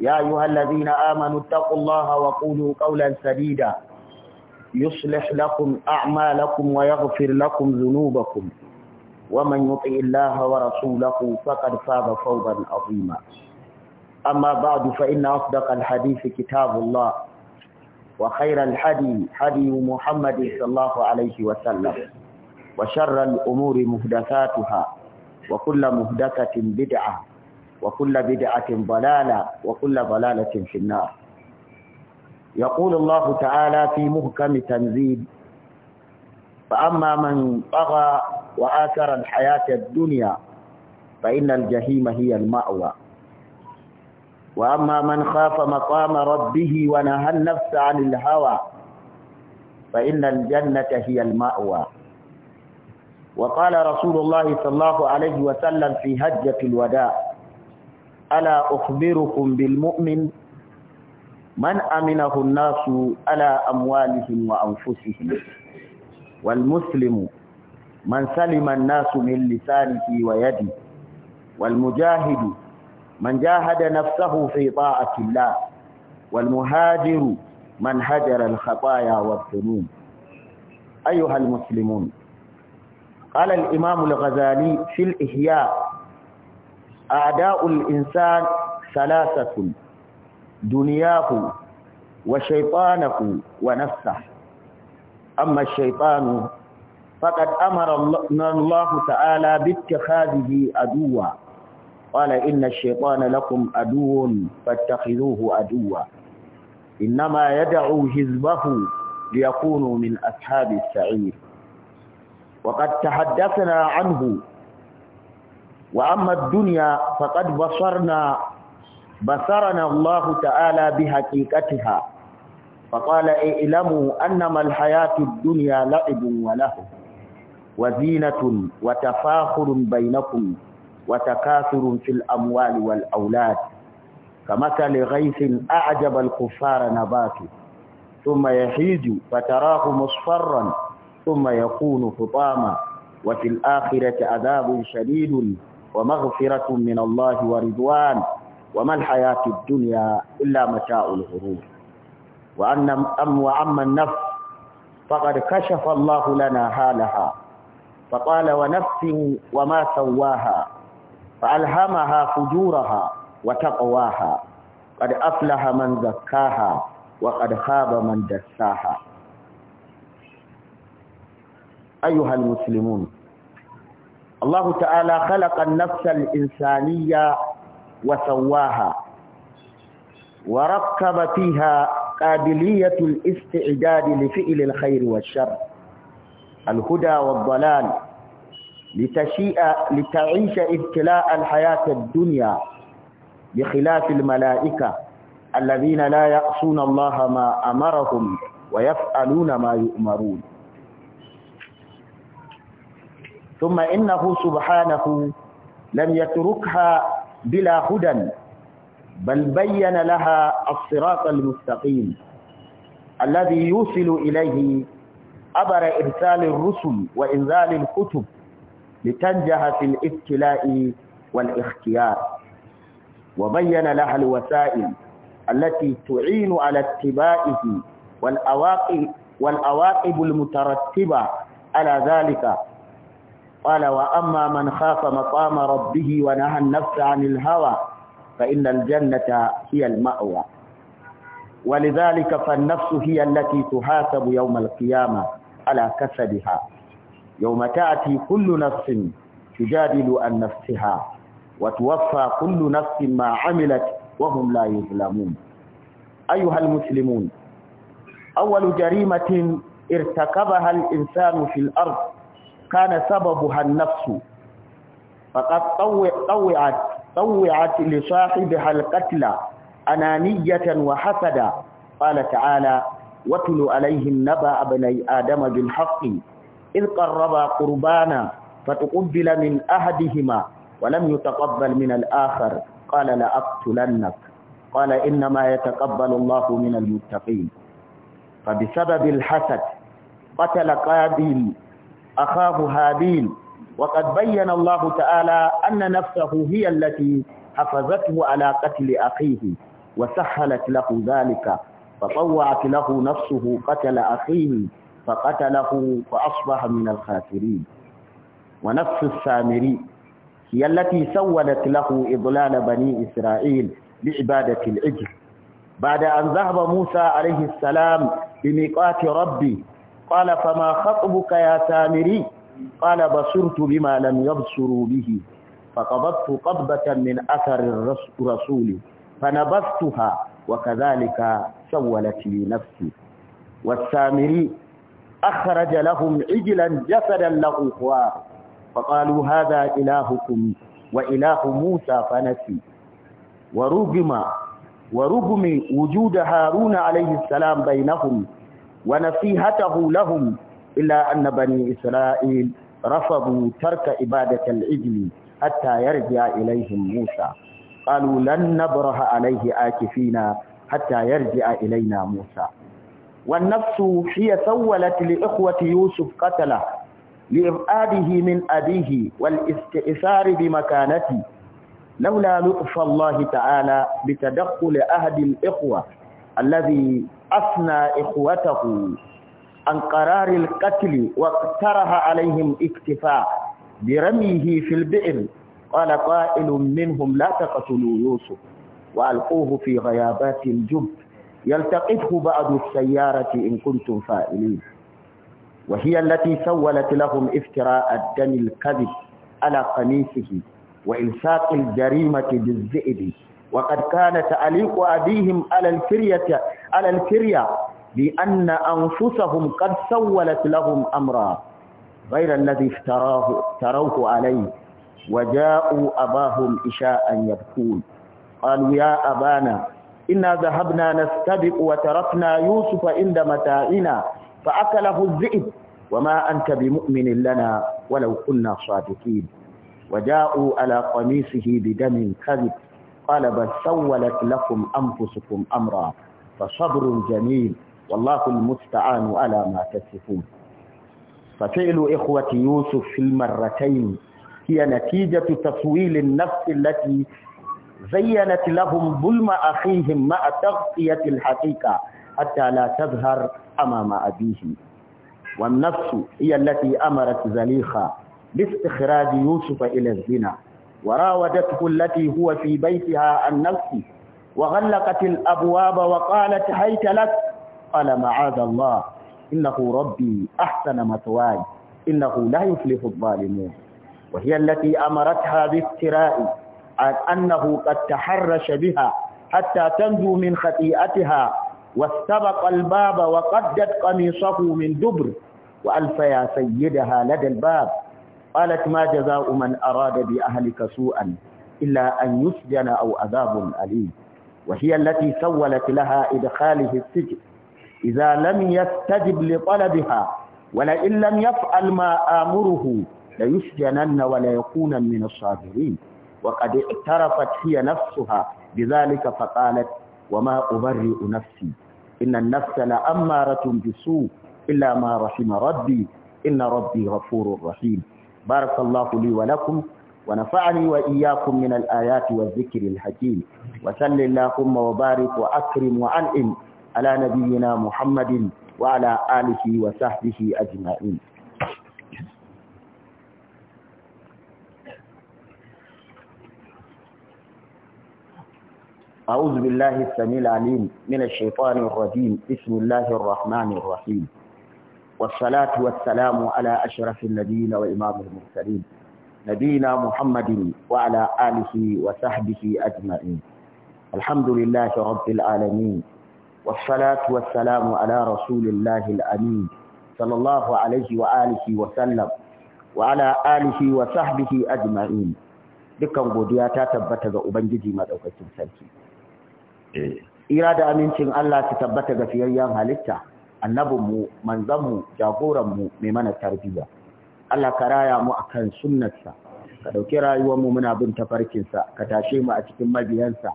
يا أيها الذين آمنوا اتقوا الله وقولوا قولا سديدا يصلح لكم أعمالكم ويغفر لكم ذنوبكم ومن يطع الله ورسوله فقد فاز فوزا عظيما أما بعد فإن أصدق الحديث كتاب الله وخير الحدي حدي محمد صلى الله عليه وسلم وشر الأمور مهدثاتها وكل مهدثة بدعة وكل بدعة ضلالة وكل ضلالة في النار يقول الله تعالى في مهكم تنزيل فأما من طغى وآثر الحياة الدنيا فإن الجحيم هي المأوى وأما من خاف مقام ربه ونهى النفس عن الهوى فإن الجنة هي المأوى وقال رسول الله صلى الله عليه وسلم في هجة الوداع ألا أخبركم بالمؤمن من أمنه الناس على أموالهم وأنفسهم والمسلم من سلم الناس من لسانه ويده والمجاهد من جاهد نفسه في طاعة الله والمهاجر من هجر الخطايا والذنوب أيها المسلمون قال الإمام الغزالي في الإحياء آداء الإنسان ثلاثة دنياه وشيطانه ونفسه أما الشيطان فقد أمر الله تعالى باتخاذه أدوا قال إن الشيطان لكم أدو فاتخذوه أدوا إنما يدعو هزبه ليكونوا من أصحاب السعير وقد تحدثنا عنه وأما الدنيا فقد بصرنا بصرنا الله تعالى بحقيقتها فقال اعلموا أنما الحياة الدنيا لعب وله وزينة وتفاخر بينكم وتكاثر في الأموال والأولاد كمثل غيث أعجب الكفار نباته ثم يحيج فتراه مصفرا ثم يكون حطاما وفي الآخرة عذاب شديد ومغفرة من الله ورضوان وما الحياة الدنيا إلا متاع الغرور وأن أم وأما النفس فقد كشف الله لنا حالها فقال ونفس وما سواها فألهمها فجورها وتقواها قد أفلح من زكاها وقد خاب من دساها أيها المسلمون الله تعالى خلق النفس الإنسانية وسواها وركب فيها قابلية الاستعداد لفعل الخير والشر الهدى والضلال لتشيئ لتعيش ابتلاء الحياة الدنيا بخلاف الملائكة الذين لا يأسون الله ما أمرهم ويفعلون ما يؤمرون ثم إنه سبحانه لم يتركها بلا هدى بل بين لها الصراط المستقيم الذي يوصل إليه عبر إرسال الرسل وإنزال الكتب لتنجح في الابتلاء والاختيار وبين لها الوسائل التي تعين على اتباعه والعواقب والأواقب المترتبة على ذلك قال وأما من خاف مقام ربه ونهى النفس عن الهوى فإن الجنة هي المأوى ولذلك فالنفس هي التي تحاسب يوم القيامة على كسبها يوم تأتي كل نفس تجادل عن نفسها وتوفى كل نفس ما عملت وهم لا يظلمون أيها المسلمون أول جريمة ارتكبها الإنسان في الأرض كان سببها النفس فقد طوعت طوعت لصاحبها القتلى أنانية وحسدا قال تعالى واتل عليه نبا ابني ادم بالحق اذ قربا قربانا فتقبل من احدهما ولم يتقبل من الاخر قال لاقتلنك قال انما يتقبل الله من المتقين فبسبب الحسد قتل قابيل أخاه هابيل وقد بين الله تعالى أن نفسه هي التي حفظته على قتل أخيه وسهلت له ذلك فطوعت له نفسه قتل أخيه فقتله فأصبح من الخاسرين ونفس السامري هي التي سولت له إضلال بني إسرائيل بعبادة العجل بعد أن ذهب موسى عليه السلام بميقات ربي قال فما خطبك يا سامري قال بصرت بما لم يبصروا به فقبضت قبضة من أثر الرسول فنبذتها وكذلك سولت لي نفسي والسامري أخرج لهم عجلا جسدا له خوار فقالوا هذا إلهكم وإله موسى فنسي ورغم ورغم وجود هارون عليه السلام بينهم ونصيحته لهم إلا أن بني إسرائيل رفضوا ترك عبادة العجل حتى يرجع إليهم موسى قالوا لن نبره عليه آكفين حتى يرجع إلينا موسى والنفس هي سولت لإخوة يوسف قتله لإبعاده من أبيه والاستئثار بمكانته لولا لطف الله تعالى بتدخل أهد الإخوة الذي أثنى إخوته عن قرار القتل واقترح عليهم اكتفاء برميه في البئر قال قائل منهم لا تقتلوا يوسف وألقوه في غيابات الجب يلتقطه بعض السيارة إن كنتم فائلين وهي التي سولت لهم افتراء الدم الكذب على قميصه وإلصاق الجريمة بالذئب وقد كان تعليق أبيهم على الكرية على الكرية لأن أنفسهم قد سولت لهم أمرا غير الذي افتراه افتروه عليه وجاءوا أباهم إشاء يبكون قالوا يا أبانا إنا ذهبنا نستبق وتركنا يوسف عند متاعنا فأكله الذئب وما أنت بمؤمن لنا ولو كنا صادقين وجاءوا على قميصه بدم كذب قال بل سولت لكم أنفسكم أمرا فصبر جميل والله المستعان على ما تصفون ففعل إخوة يوسف في المرتين هي نتيجة تسويل النفس التي زينت لهم ظلم أخيهم مع تغطية الحقيقة حتى لا تظهر أمام أبيهم والنفس هي التي أمرت زليخة باستخراج يوسف إلى الزنا وراودته التي هو في بيتها عن نفسه وغلقت الأبواب وقالت هيت لك قال معاذ الله إنه ربي أحسن مثواي إنه لا يفلح الظالمون وهي التي أمرتها بافتراء أنه قد تحرش بها حتى تنجو من خطيئتها واستبق الباب وقدت قميصه من دبر وألف يا سيدها لدى الباب قالت ما جزاء من أراد بأهلك سوءا إلا أن يسجن أو أذاب أليم وهي التي سولت لها إدخاله السجن إذا لم يستجب لطلبها ولئن لم يفعل ما آمره ليسجنن وليكون من الصابرين وقد اعترفت هي نفسها بذلك فقالت وما أبرئ نفسي إن النفس لأمارة بسوء إلا ما رحم ربي إن ربي غفور رحيم barakallahu li wa lakum wa nafa'ani wa iyyakum min al-ayati wadh-dhikril hakim wa sallallahu wa barik wa akrim wa an'im ala nabiyyina Muhammadin wa ala alihi wa sahbihi ajma'in أعوذ بالله السميع العليم من الشيطان الرجيم بسم الله والصلاة والسلام على أشرف النبيين وإمام المرسلين نبينا محمد وعلى آله وصحبه أجمعين الحمد لله رب العالمين والصلاة والسلام على رسول الله الأمين صلى الله عليه وآله وسلم وعلى آله وصحبه أجمعين dukkan godiya ta tabbata ga Ubangiji madaukakin sarki. Ira da amincin Allah ta tabbata ga fiyayyen halitta annabinmu manzanmu jagoranmu mai mana tarbiyya Allah ka raya mu kan sunnarsa ka dauki mu muna bin tafarkinsa ka tashe mu a cikin mabiyansa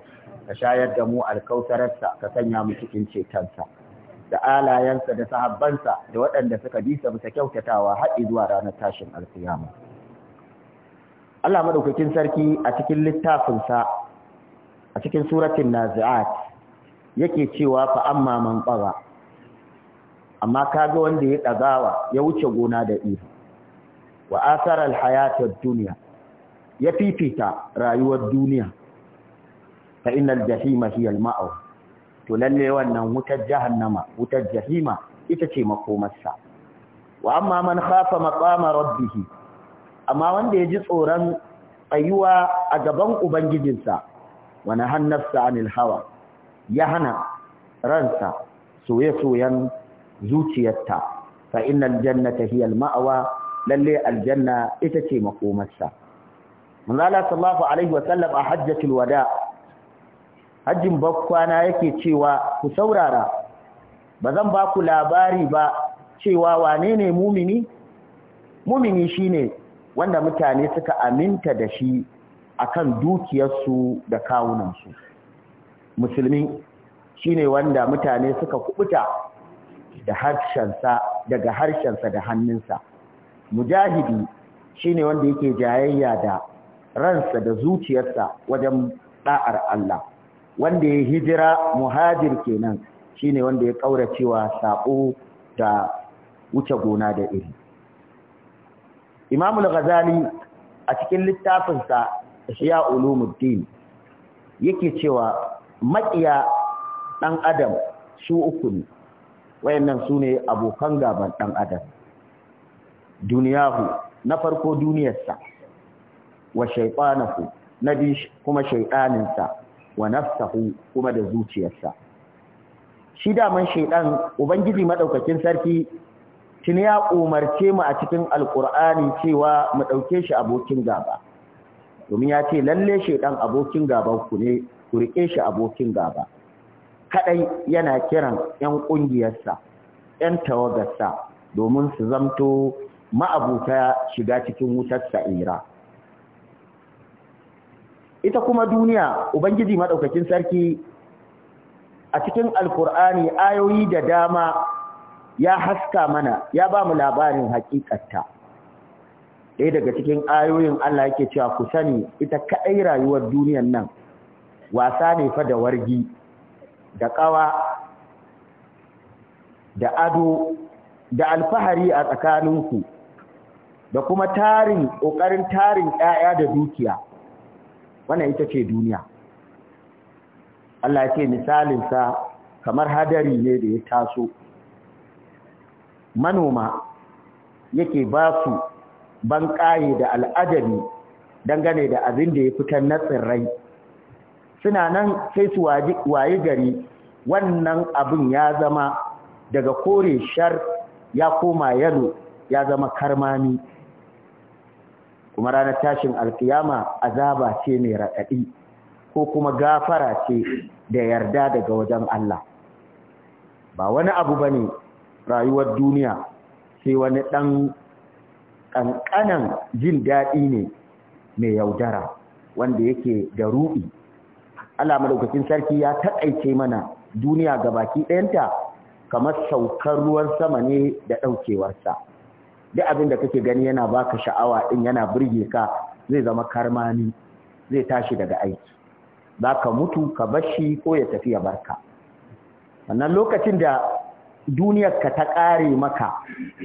ka shayar da mu alkautararsa ka sanya mu cikin cetonsa da alayensa da sahabbansa da waɗanda suka bisa bisa kyautatawa har zuwa ranar tashin alkiyama Allah madaukakin sarki a cikin littafinsa a cikin suratin nazi'at yake cewa fa amma man baga amma kaga wanda ya ɗagawa ya wuce gona da iri wa hayatar duniya ya fifita rayuwar duniya ta inal jahima hiyal ma'au to lalle wannan wutar jahannama wutar jahima ita ce makomarsa wa amma man khafa maqama rabbih amma wanda ya ji tsoron tsayuwa a gaban ubangijinsa wa hannarsa anil hawa ya hana ransa soye-soyen zuciyarta fa innal jannata hiya al-ma'wa lalle aljanna ita ce makomarsa manzala sallallahu alaihi sallam a hajjatul wada hajjin bakwana yake cewa ku saurara bazan ba ku labari ba cewa wane ne mumini mumini shine wanda mutane suka aminta da shi akan dukiyarsu da kawunansu musulmi shine wanda mutane suka kubuta da harshensa daga harshensa da hannunsa mujahidi shine wanda yake jayayya da ransa da zuciyarsa wajen da'ar Allah wanda ya hijira muhajir kenan shine wanda ya cewa sako da wuce gona da iri Imam al-Ghazali a cikin littafinsa Ihya Ulumuddin yake cewa maƙiya ɗan adam su uku ne wayannan su ne abokan gaban ɗan adam duniyahu na farko duniyarsa wa shaiɓanahu na biyu kuma shaiɗaninsa wa nafsahu kuma da zuciyarsa shi daman shaiɗan ubangiji maɗaukakin sarki tun ya umarce mu a cikin alkur'ani cewa mu ɗauke shi abokin gaba domin ya ce lalle shaiɗan abokin gaba ku ne ku riƙe shi abokin gaba kadai yana kiran 'yan ƙungiyarsa 'yan tawagarsa domin su zamto ma'abuta shiga cikin wutar sa'ira ita kuma duniya ubangiji madaukakin sarki a cikin alkur'ani ayoyi da dama ya haska mana ya ba mu labarin hakikatta ɗaya daga cikin ayoyin Allah yake cewa ku sani ita kaɗai rayuwar duniyan nan wasa ne fa da wargi da ƙawa da ado da alfahari a tsakaninku da kuma tarin ƙoƙarin tarin ƴaƴa da dukiya wannan ita ce duniya Allah ce misalinsa kamar hadari ne da ya taso manoma yake ba su banƙaye da al'adabi dangane da abin da ya fitar na tsirrai suna nan sai su waye gari wannan abin ya zama daga kore shar ya koma yalo ya zama karmami kuma ranar tashin alkiyama azaba ce mai raɗaɗi ko kuma gafara ce da yarda daga wajen Allah ba wani abu bane rayuwar duniya sai wani ɗan ƙanƙanan jin daɗi ne mai yaudara wanda yake da ruɗi Allah madaukakin sarki ya taƙaice mana duniya ga baki ɗayanta kamar saukar ruwan sama ne da ɗaukewarsa duk abin da kake gani yana baka sha'awa ɗin yana burge ka zai zama karmani zai tashi daga aiki za ka mutu ka bashi ko ya tafi ya barka wannan lokacin da ka ta ƙare maka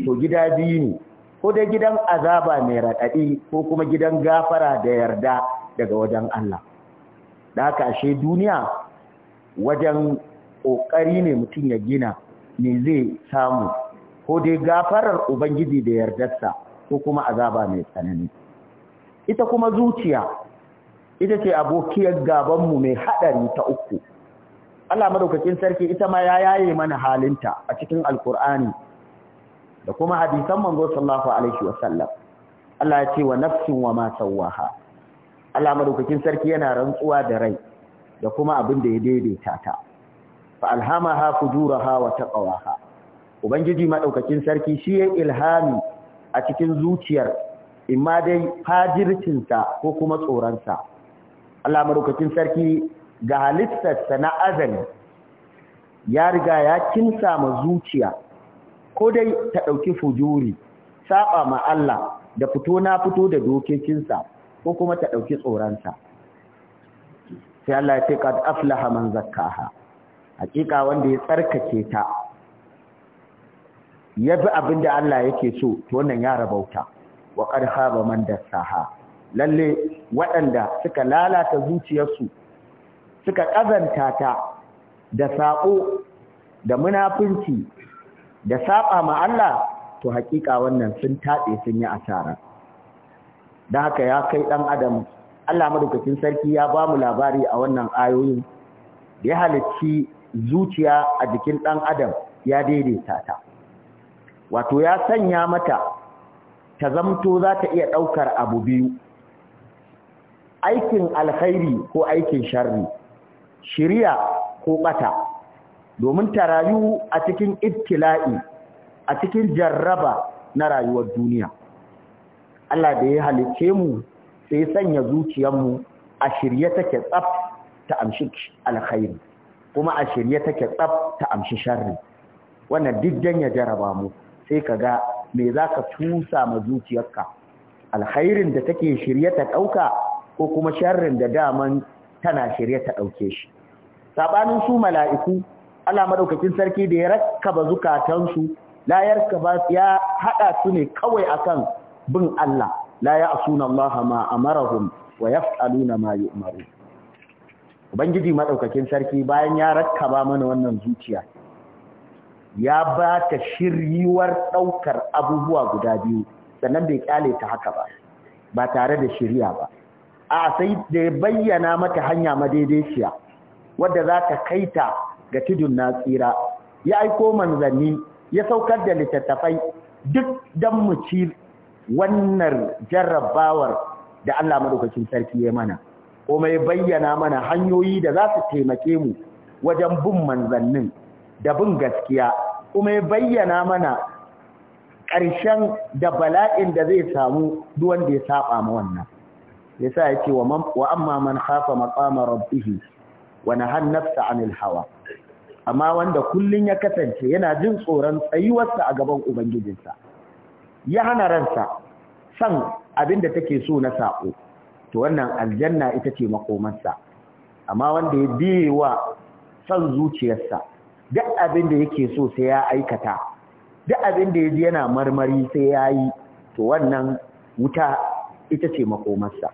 to gida biyu ne ko da gidan azaba mai raɗaɗi ko kuma gidan gafara da yarda daga wajen Allah da haka ashe duniya wajen ƙoƙari ne mutum ya gina me zai samu ko dai gafarar ubangiji da yardarsa ko kuma azaba mai tsanani ita kuma zuciya ita ce abokiyar gabanmu mai haɗari ta uku Allah madaukakin sarki ita ma ya yaye mana halinta a cikin alkur'ani da kuma hadisan manzo sallallahu alaihi wasallam Allah ya ce wa nafsin wa ma sawaha Allah madaukakin sarki yana rantsuwa da rai da kuma abin da ya daidaita ta fa alhamaha fujuraha wa taqawaha ubangiji madaukakin sarki shi ya ilhami a cikin zuciyar imma dai fajircinsa ko kuma tsoronsa Allah madaukakin sarki ga halittar sa na azali ya riga ya kinsa ma zuciya ko dai ta dauki fujuri saba ma Allah da fito na fito da sa ko kuma ta ɗauki tsoronsa sai Allah ya ce qad aflaha man zakkaha hakika wanda ya tsarkake ta ya bi abin da Allah yake so to wannan ya rabauta wa qad khaba man dassaha lalle waɗanda suka lalata zuciyarsu suka kazanta ta da sako da munafunci da saɓa ma Allah to hakika wannan sun taɓe sun yi asara da haka ya kai ɗan adam Allah madaukakin sarki ya ba mu labari a wannan ayoyin da ya halicci zuciya a jikin ɗan adam ya daidaita ta wato ya sanya mata ta zamto za ta iya ɗaukar abu biyu aikin alkhairi ko aikin sharri shiriya ko ɓata domin ta rayu a cikin ibtila'i a cikin jarraba na rayuwar duniya Allah da ya halice mu sai sanya zuciyarmu a shirye take tsaf ta amshi alkhairi kuma a shirye take tsaf ta amshi sharri wannan diddan ya jaraba mu sai kaga me zaka tusa ma zuciyarka alkhairin da take shirye ta dauka ko kuma sharrin da daman tana shirye ta dauke shi sabanin su mala'iku Allah madaukakin sarki da ya rakkaba zukatansu la ba ya hada su ne kawai akan bin Allah la asuna Allah ma amarahum wa yaf'aluna ma yu'maru ubangiji madaukakin sarki bayan ya rakkaba mana wannan zuciya ya ba ta shiryuwar daukar abubuwa guda biyu sannan bai kyale ta haka ba ba tare da shirya ba a sai da ya bayyana mata hanya madaidaiciya wanda za ta kai ta ga tudun na tsira ya aiko manzanni ya saukar da littattafai duk dan mu ci wannan jarrabawar da Allah madaukakin sarki ya mana kuma ya bayyana mana hanyoyi da za su taimake mu wajen bin manzannin da bin gaskiya kuma ya bayyana mana ƙarshen da bala'in da zai samu duwan da ya saba ma wannan yasa yake wa wa amma man khafa maqama rabbih wa nahan nafsa anil hawa amma wanda kullum ya kasance yana jin tsoron tsayuwarsa a gaban ubangijinsa ya hana ransa san abin da take so na sako to wannan aljanna ita ce makomarsa amma wanda ya biye wa san zuciyarsa duk abin da yake so sai ya aikata duk abin da ya ji yana marmari sai ya yi to wannan wuta ita ce makomarsa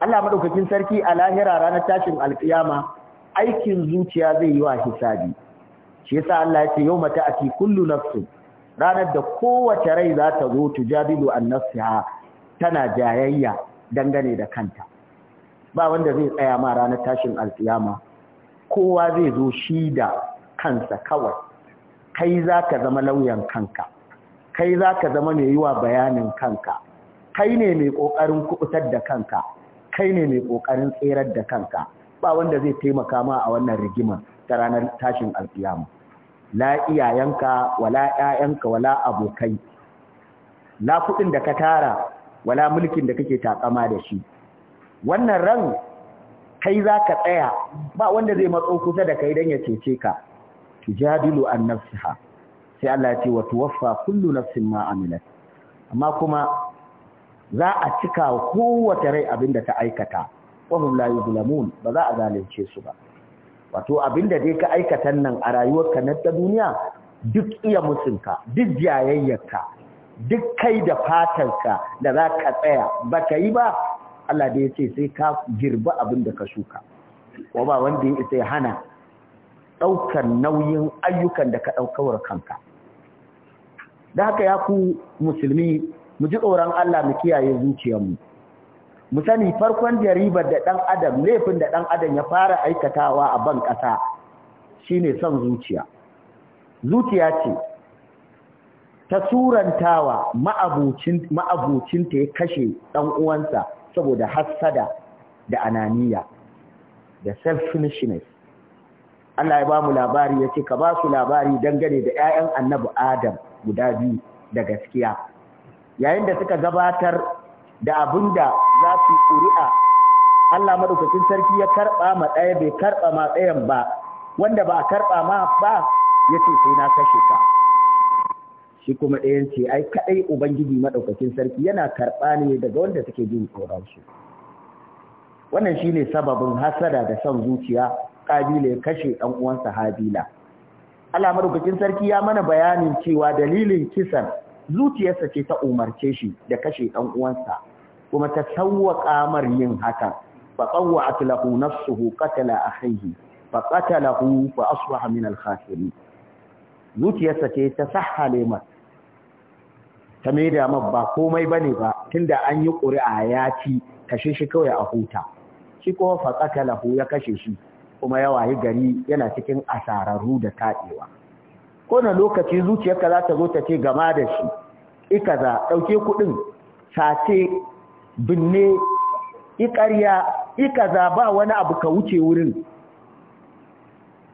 Allah madaukakin sarki a lahira ranar tashin alkiyama aikin zuciya zai yi wa hisabi shi yasa Allah ya ce yau mata ati kullu nafsin ranar da kowace rai za ta zo tujadilu an nasiha tana jayayya dangane da kanta ba wanda zai tsaya ma ranar tashin alkiyama kowa zai zo shi da kansa kawai kai za ka zama lauyan kanka kai za ka zama mai yiwa bayanin kanka kai ne mai ƙoƙarin kuɓutar da kanka kai ne mai ƙoƙarin tserar da kanka ba wanda zai taimaka ma a wannan rigimar ta ranar tashin alkiyama la iyayenka wala ƴaƴanka wala abokai la kuɗin da ka tara wala mulkin da kake takama da shi wannan ran kai zaka tsaya ba wanda zai matso kusa da kai dan ya cece ka tujadilu an nafsiha sai Allah ya ce wa tuwaffa kullu nafsin ma amilat amma kuma za a cika kowace rai abinda ta aikata wahum la yuzlamun ba za a zalunce su ba wato abinda dai ka aikata nan a rayuwarka na ta duniya duk iya mutunka duk jayayyarka duk kai da fatarka da za ka tsaya ba ka yi ba Allah da ya ce sai ka girba abin da ka shuka ko ba wanda ya isa ya hana ɗaukar nauyin ayyukan da ka ɗaukawar kanka da haka ya ku musulmi mu ji tsoron Allah mu kiyaye zuciyarmu Musani, farkon jaribar da ɗan adam laifin da ɗan adam ya fara aikatawa a ban ƙasa shine son zuciya zuciya ce ta surantawa ma'abucinta ya kashe ɗan uwansa saboda hassada da ananiya da self self-finishness Allah ya ba mu labari ya ce ka ba su labari dangane da 'ya'yan annabi Adam guda biyu da gaskiya yayin da suka gabatar da abin da za su ƙuri'a Allah madaukakin sarki ya karɓa ma ɗaya bai karɓa ma ɗayan ba wanda ba karɓa ma ba ya ce sai na kashe ka shi kuma ɗayan ce ai kaɗai ubangiji madaukakin sarki yana karɓa ne daga wanda suke jin tsoron shi wannan shine sababin hasada da son zuciya kabila ya kashe ɗan uwansa habila Allah madaukakin sarki ya mana bayanin cewa dalilin kisan zuciyarsa ce ta umarce shi da kashe ɗan uwansa kuma ta sawwaka mar yin haka fa qawwa'at lahu nafsuhu qatala akhihi fa qatalahu fa asbaha min al-khasirin zuciyarsa ce ta sahale mar ta maida ma ba komai bane ba tunda an yi ƙuri'a ya ci kashe shi kawai a huta shi kuma fa qatalahu ya kashe shi kuma ya wayi gari yana cikin asararru da taɗewa ko lokaci zuciyarka za ta zo ta ce gama da shi ikaza ɗauke kuɗin sace binne iƙarya ikaza ba wani abu ka wuce wurin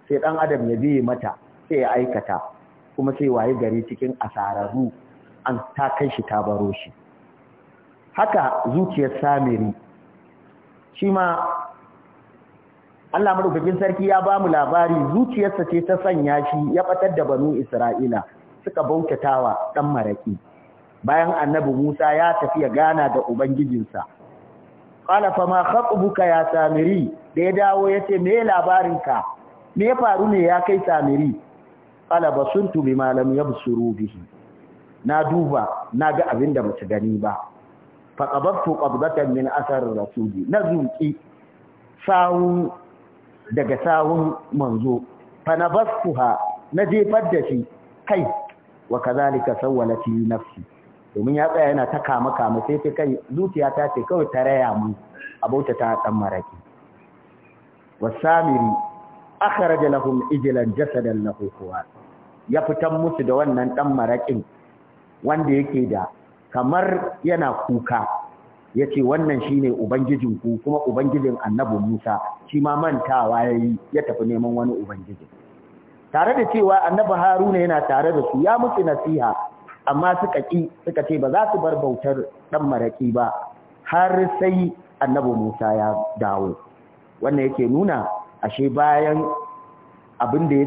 sai ɗan adam ya biye mata sai ya aikata kuma sai waye gari cikin asararru an ta kai shi ta baro shi haka zuciyar samiri shi ma Allah madaukakin sarki ya ba mu labari zuciyarsa ce ta sanya shi ya batar da banu Isra'ila suka bautatawa ɗan maraƙi. bayan annabi Musa ya tafi ya gana da ubangijinsa qala fa ma khatbuka ya samiri da ya dawo yace me labarinka me ya faru ne ya kai samiri qala basuntu bima lam yabsuru bihi na duba na ga abin da bace gani ba fa qabattu qabdatan min athar rasuli nazuki sawu daga sawun manzo fa nabastuha na jefar da shi kai wa kazalika sawalati nafsi domin ya tsaya yana ta kama kama sai ta kai zuciya ta ce kawai ta raya mu a bauta ta dan maraki wasamiri akhraja lahum ijlan jasadan lahu kuwa ya fitan musu da wannan dan marakin wanda yake da kamar yana kuka yace wannan shine ubangijin ku kuma ubangijin annabi Musa shi ma mantawa yayi ya tafi neman wani ubangiji tare da cewa annabi Haruna yana tare da su ya musu nasiha amma suka ƙi suka ce ba za su bar bautar ɗan maraƙi ba har sai annabi Musa ya dawo wannan yake nuna ashe bayan abin da ya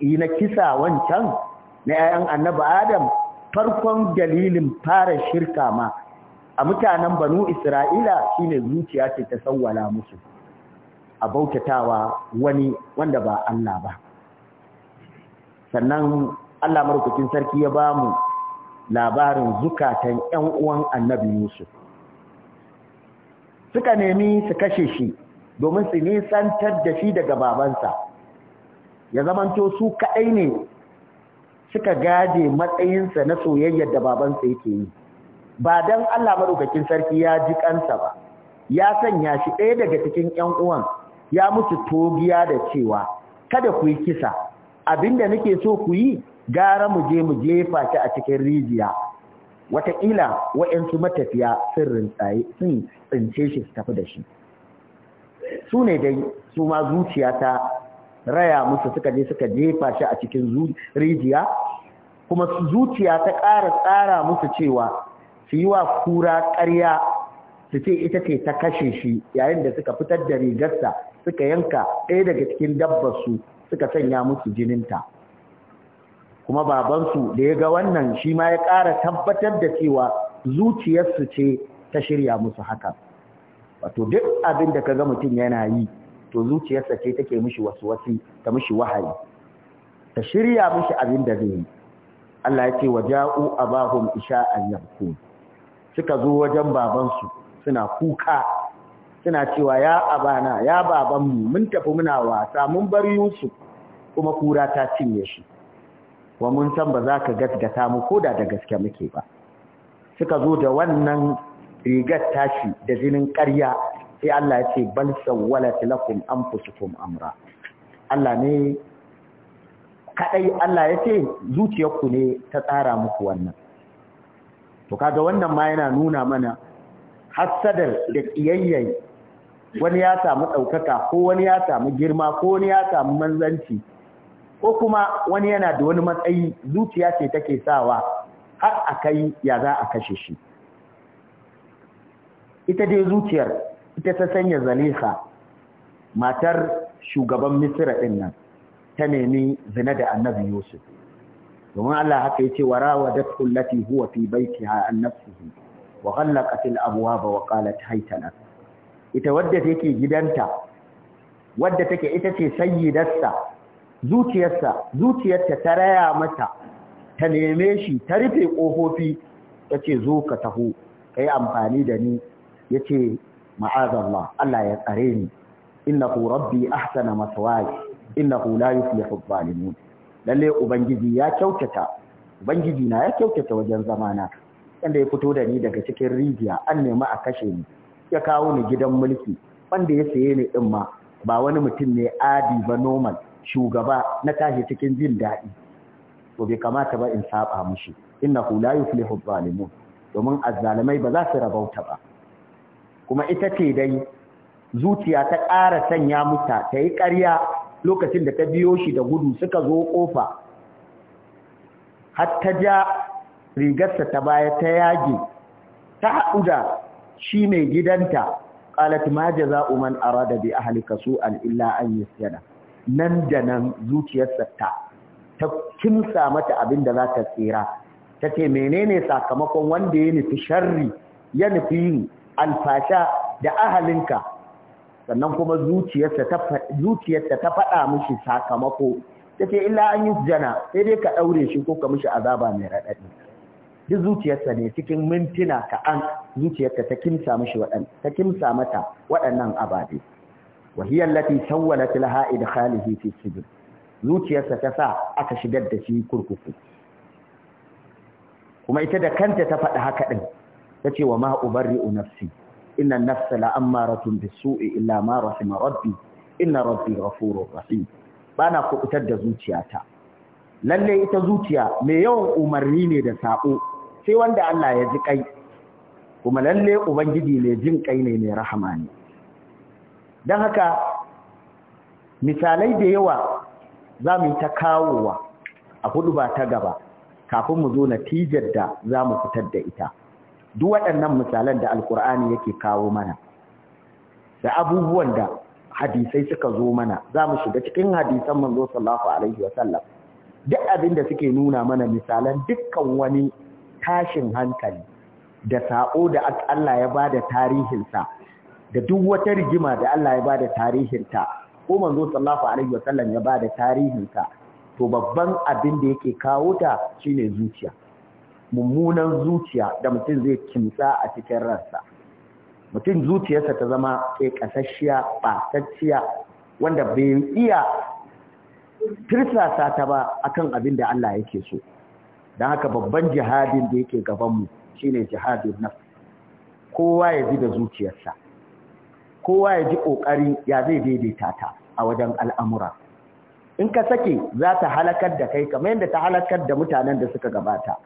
yi na kisa wancan na 'ya'yan annabi Adam farkon dalilin fara shirka ma a mutanen banu Isra'ila shi ne zuciya ce ta sauwala musu a bautatawa wani wanda ba Allah ba sannan Allah marukukin sarki ya bamu labarin zukatan ‘yan uwan annabi Yusuf. Suka nemi su kashe shi domin su nisantar da shi daga babansa, ya zamanto su kaɗai ne suka gaje matsayinsa na soyayyar da babansa yake yi. Ba don Allah maɗaukakin sarki ya ji kansa ba, ya sanya shi ɗaya daga cikin ‘yan uwan ya musu togiya da cewa, kada ku yi kisa, abinda nake so ku yi gara mu je mu jefa ta a cikin rijiya wataƙila wa'yansu matafiya sun tsince shi su tafi da shi su ne dai su ma zuciya ta raya musu suka je suka jefa shi a cikin rijiya kuma zuciya ta ƙara tsara musu cewa su yi wa kura ƙarya su ce ita ce ta kashe shi yayin da suka fitar da rigarsa suka yanka ɗaya daga cikin dabbar su suka sanya musu jininta. kuma babansu da ya ga wannan shi ma ya ƙara tabbatar da cewa zuciyarsu ce ta shirya musu haka wato duk abin da ka ga mutum yana yi to zuciyarsa ce take mishi wasu wasi ta mishi wahayi ta shirya mishi abin da zai yi Allah ya ce waja'u abahum a yabkun suka zo wajen babansu suna kuka suna cewa ya abana ya babanmu mun tafi muna wasa mun bar Yusuf kuma kura ta cinye shi wa mun san ba za ka gaskata mu ko da gaske muke ba suka zo da wannan rigar tashi da jinin ƙarya sai Allah ya ce bal sawwalat lakum anfusukum amra Allah ne kadai Allah ya ce zuciyarku ne ta tsara muku wannan to kaga wannan ma yana nuna mana hassadar da kiyayyen wani ya samu ɗaukaka ko wani ya samu girma ko wani ya samu manzanci ko kuma wani yana da wani matsayi zuciya ce take sawa har a kai ya za a kashe shi ita dai zuciyar ita ta sanya zaliha matar shugaban misira ɗin nan ta nemi zina da annabi yusuf domin Allah haka yace warawadatu lati huwa fi baitiha an nafsihi wa ghallaqat al abwaba wa qalat haytana ita wadda take gidanta wadda take ita ce sayyidarsa zuciyarsa zuciyarta ta raya mata ta neme shi ta rufe ƙofofi ta ce zo ka taho ka yi amfani da ni ya ce ma'azallah Allah ya tsare ni innahu rabbi ahsana maswaya innahu la yuflihu zalimun lalle ubangiji ya kyautata ubangiji na ya kyautata wajen zamana inda ya fito da ni daga cikin rijiya an nemi a kashe ni ya kawo ni gidan mulki wanda ya saye ni din ma ba wani mutum ne adi ba normal shugaba na tashi cikin jin daɗi to bai kamata ba in saba mushi innahu la yuflihu zalimun domin azzalimai ba za su rabauta ba kuma ita ce dai zuciya ta ƙara sanya muta ta yi ƙarya lokacin da ta biyo shi da gudu suka zo ƙofa har ta ja rigarsa ta baya ta yage ta haɗu da shi mai gidanta qalat ma jaza'u man arada bi ahlika su illa an yasyada nan da nan zuciyarsa ta ta kimsa mata abin da za ta tsira ta ce menene sakamakon wanda ya nufi sharri ya nufi yin alfasha da ahalinka sannan kuma zuciyarsa ta faɗa mishi sakamako ta ce illa an yi jana sai dai ka ɗaure shi ko ka mishi azaba mai raɗaɗi duk zuciyarsa ne cikin mintuna ka an zuciyarta ta kimsa mata waɗannan ababe wa hiya allati sawwalat laha idkhalihi fi sijin zuciyarsa ta sa aka shigar da shi kurkuku kuma ita da kanta ta faɗi haka din tace wa ma ubarri'u nafsi inna an-nafsa la'ammaratun bis-su'i illa ma rahima rabbi inna rabbi ghafurur rahim bana kubutar da zuciyata lalle ita zuciya mai yawan umarni ne da saƙo, sai wanda Allah ya ji kai kuma lalle ubangiji mai jin kai ne mai rahama ne don haka misalai da yawa za mu yi ta kawowa a hudu ba ta gaba kafin mu zo natijar da za mu fitar da ita duk waɗannan misalan da alkur'ani yake kawo mana da abubuwan da hadisai suka zo mana za mu shiga cikin hadisan manzo sallallahu alaihi wasallam duk abin da suke nuna mana misalan dukkan wani tashin hankali da sa'o da Allah ya bada tarihinsa da duk wata rigima da Allah ya bada tarihinta ko manzo sallallahu alaihi wasallam ya bada tarihinta to babban abin da yake kawo ta shine zuciya mummunan zuciya da mutum zai kimtsa a cikin ransa mutum zuciyarsa ta zama kai kasasshiya batacciya wanda bai iya tirsasa ta ba akan abin da Allah yake so dan haka babban jihadin da yake gaban mu shine jihadin nafs kowa ya ji da zuciyarsa kowa ya ji ƙoƙari ya zai daidaita ta a wajen al'amura in ka sake za ta halakar da kai kamar yadda ta halakar da mutanen da suka gabata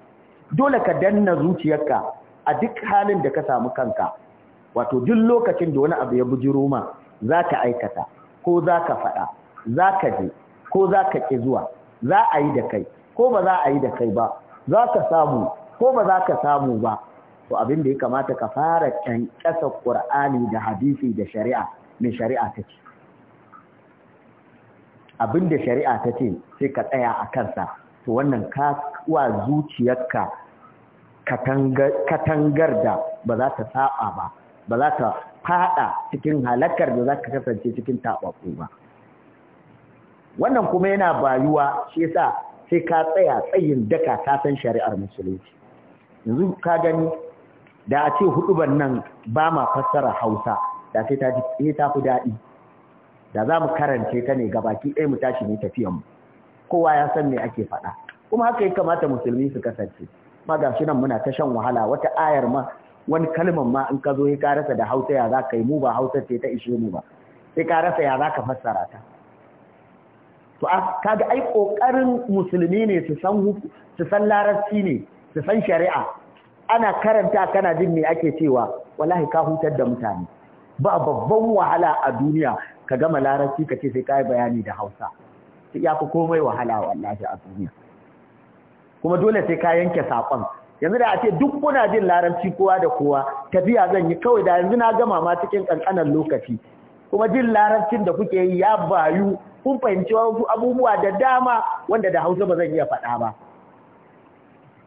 dole ka danna zuciyarka a duk halin da ka samu kanka wato duk lokacin da wani abu ya buji Roma za ka aikata ko za ka faɗa za ka je ko za ka ƙi zuwa za a yi da kai ko ba za a yi da kai ba za ka samu ko ba za ka samu ba to abin da ya kamata ka fara kyankyasa Qur'ani da hadisi da shari'a mai shari'a ta ce abin da shari'a ta ce sai ka tsaya a kansa to wannan ka zuciyarka katangar da ba za ta saba ba ba za ta fada cikin halakar da za ka kasance cikin taɓaɓɓu ba wannan kuma yana bayuwa shi yasa sai ka tsaya tsayin daka ka san shari'ar musulunci yanzu ka gani da a ce huduban nan ba ma fassara Hausa da sai ta ji ta fi daɗi da za mu karance ta ne gabaki ɗaya mu tashi ne tafiyanmu mu kowa ya san me ake faɗa kuma haka ya kamata musulmi su kasance ma ga shi nan muna ta shan wahala wata ayar ma wani kalmar ma in ka zo ya karasa da Hausa ya za ka yi mu ba Hausa ce ta ishe mu ba sai ka rasa ya za ka fassara ta to ga ai kokarin musulmi ne su san su san larabci ne su san shari'a ana karanta kana jin me ake cewa wallahi ka hutar da mutane ba babban wahala a duniya ka gama larabci ka ce sai ka yi bayani da hausa ya fi komai wahala wallahi a duniya kuma dole sai ka yanke saƙon yanzu da a ce duk kuna jin larabci kowa da kowa tafiya zan yi kawai da yanzu na gama ma cikin ƙanƙanan lokaci kuma jin larabcin da kuke yi ya bayu kun fahimci wasu abubuwa da dama wanda da hausa ba zan iya faɗa ba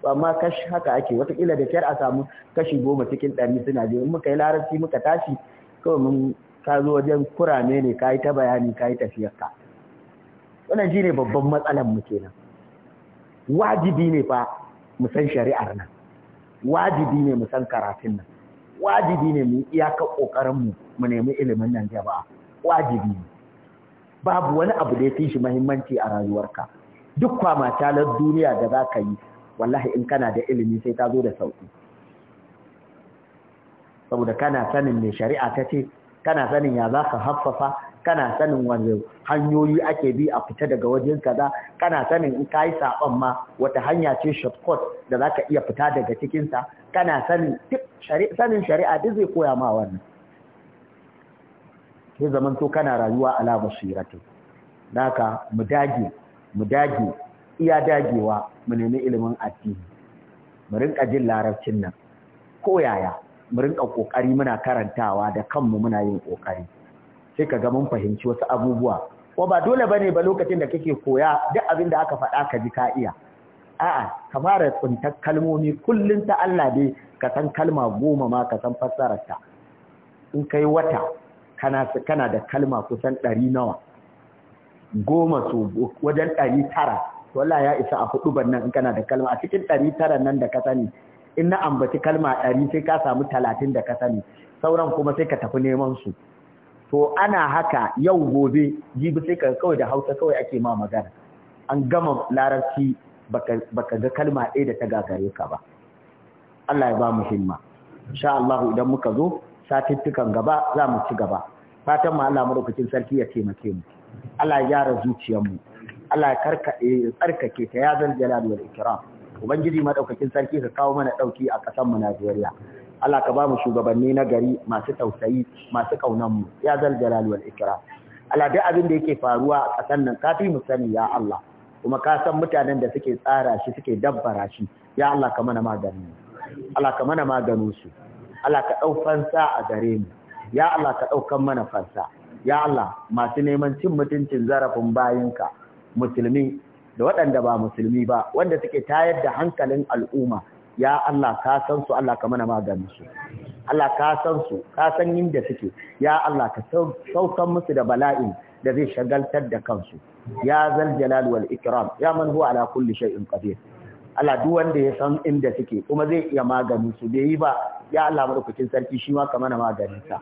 amma kashi haka ake watakila da kyar a samu kashi goma cikin ɗari suna je in muka yi larabci muka tashi kawai mun ka zo wajen kurame ne ka yi ta bayani ka yi tafiyarka wannan shi ne babban matsalan mu kenan wajibi ne fa mu san shari'ar nan wajibi ne mu san karatun nan wajibi ne mu iyaka kokarin mu mu nemi ilimin nan jama'a wajibi ne babu wani abu da ya fi shi muhimmanci a rayuwarka duk na duniya da za ka yi wallahi in kana da ilimi sai ta zo da sauki saboda kana sanin mai shari'a ta ce kana sanin ya za ka haffafa kana sanin wanda hanyoyi ake bi a fita daga wajen kaza kana sanin in ka yi saɓon ma wata hanya ce shortcut da za ka iya fita daga cikinsa kana sanin sanin shari'a duk zai koya ma wannan sai zaman to kana rayuwa ala basiratu naka mu dage mu dage iya dagewa mu nemi ilimin addini mu rinka jin larabcin nan ko yaya mu rinka kokari muna karantawa da kanmu muna yin kokari sai ka ga mun fahimci wasu abubuwa ko ba dole bane ba lokacin da kake koya duk abin da aka faɗa ka ji ka iya a'a ka fara tsuntar kalmomi kullum ta Allah dai ka san kalma goma ma ka san fassararta in kai wata kana kana da kalma kusan ɗari nawa goma su wajen ɗari tara to ya isa a hudu bannan in kana da kalma a cikin ɗari tara nan da ka sani in na ambaci kalma ɗari sai ka samu talatin da ka sani sauran kuma sai ka tafi neman su to ana haka yau gobe jibi sai ka kawai da hausa kawai ake ma magana an gama larabci baka ga kalma ɗaya da ta gagare ka ba Allah ya ba mu himma insha Allah idan muka zo satuttukan gaba za mu ci gaba fatan mu Allah madaukakin sarki ya taimake mu Allah ya gyara zuciyarmu Allah ya ya tsarkake ta ya zan jalal wal ikram ubangiji madaukakin sarki ka kawo mana dauki a kasar mu Najeriya Allah ka ba mu shugabanni na gari masu tausayi masu kaunan mu ya zal jalal wal ikram Allah duk abin da yake faruwa a kasan nan ka mu sani ya Allah kuma ka san mutanen da suke tsara shi suke dabbara shi ya Allah ka mana magani Allah ka mana maganin su Allah ka dau fansa a gare mu ya Allah ka daukan mana fansa ya Allah masu neman cin mutuncin zarafin bayinka musulmi da waɗanda ba musulmi ba wanda suke tayar da hankalin al'umma ya Allah ka san su Allah ka mana maganin su Allah ka san su ka san inda suke ya Allah ka saukan musu da bala'in da zai shagaltar da kansu ya zal jalal wal ikram ya man huwa ala kulli shay'in qadir Allah duk wanda ya san inda suke kuma zai iya maganin su bai yi ba ya Allah madaukakin sarki shi ma ka mana maganin sa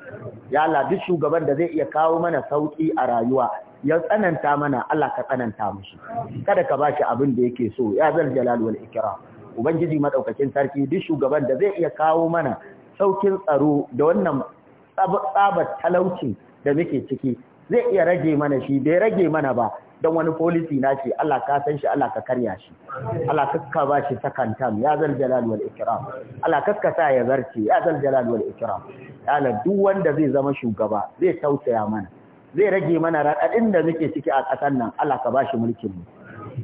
ya Allah duk shugaban da zai iya kawo mana sauki a rayuwa ya tsananta mana Allah ka tsananta mashi kada ka bashi abin da yake so ya zal jalal wal ikram ubangiji madaukakin sarki duk shugaban da zai iya kawo mana saukin tsaro da wannan tsabar talauci da muke ciki zai iya rage mana shi bai rage mana ba don wani policy na ce Allah ka san shi Allah ka karya shi Allah ka ba shi second ya zal jalal wal ikram Allah ka sa ya zarce ya zal jalal wal ikram ya duk wanda zai zama shugaba zai tausaya mana zai rage mana raɗaɗin da muke ciki a ƙasar nan Allah ka bashi mulkin mu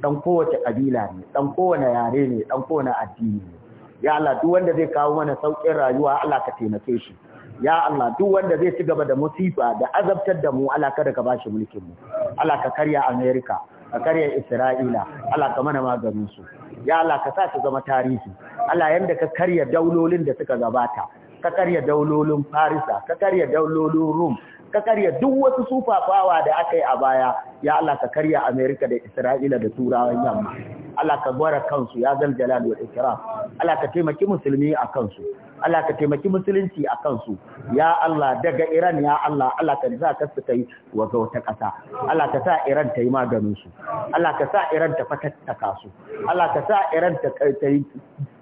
dan kowace kabila ne dan kowane yare ne dan kowane addini ne ya Allah duk wanda zai kawo mana saukin rayuwa Allah ka taimake shi ya Allah duk wanda zai ci gaba da musifa da azabtar da mu Allah ka daga bashi mulkin mu Allah ka karya Amerika, ka karya Isra'ila Allah ka mana maganin su ya Allah ka sa su zama tarihi Allah yanda ka karya daulolin da suka gabata ka karya daulolin Farisa ka karya daulolin Rum ka karya duk wasu sufafawa da aka yi a baya ya Allah ka karya Amerika da Isra'ila da Turawan yamma Allah ka gwara kansu ya zal jalal wal ikram Allah ka taimaki musulmi a kansu Allah ka taimaki musulunci a kansu ya Allah daga Iran ya Allah Allah ka za ka su kai wa wata ƙasa Allah ka sa Iran ta yi maganin su Allah ka sa Iran ta fatattaka su Allah ka sa Iran ta yi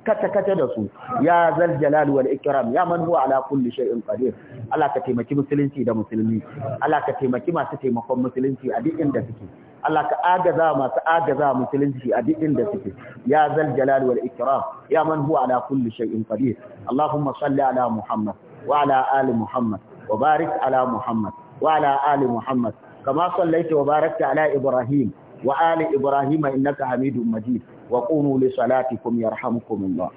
kata-kata da su ya zal jalal wal ikram ya man huwa ala kulli shay'in qadir Allah ka taimaki musulunci da musulmi Allah ka taimaki masu taimakon musulunci a duk inda suke Allah ka agaza masu agaza musulunci a duk inda suke ya zal jalal wal ikram ya man huwa ala kulli shay'in qadir allahumma salli ala muhammad wa ala ali muhammad wa barik ala muhammad wa ala ali muhammad kama sallaita wa barakta ala ibrahim wa ali ibrahim innaka hamidum majid wa qumu li salatikum yarhamukumullah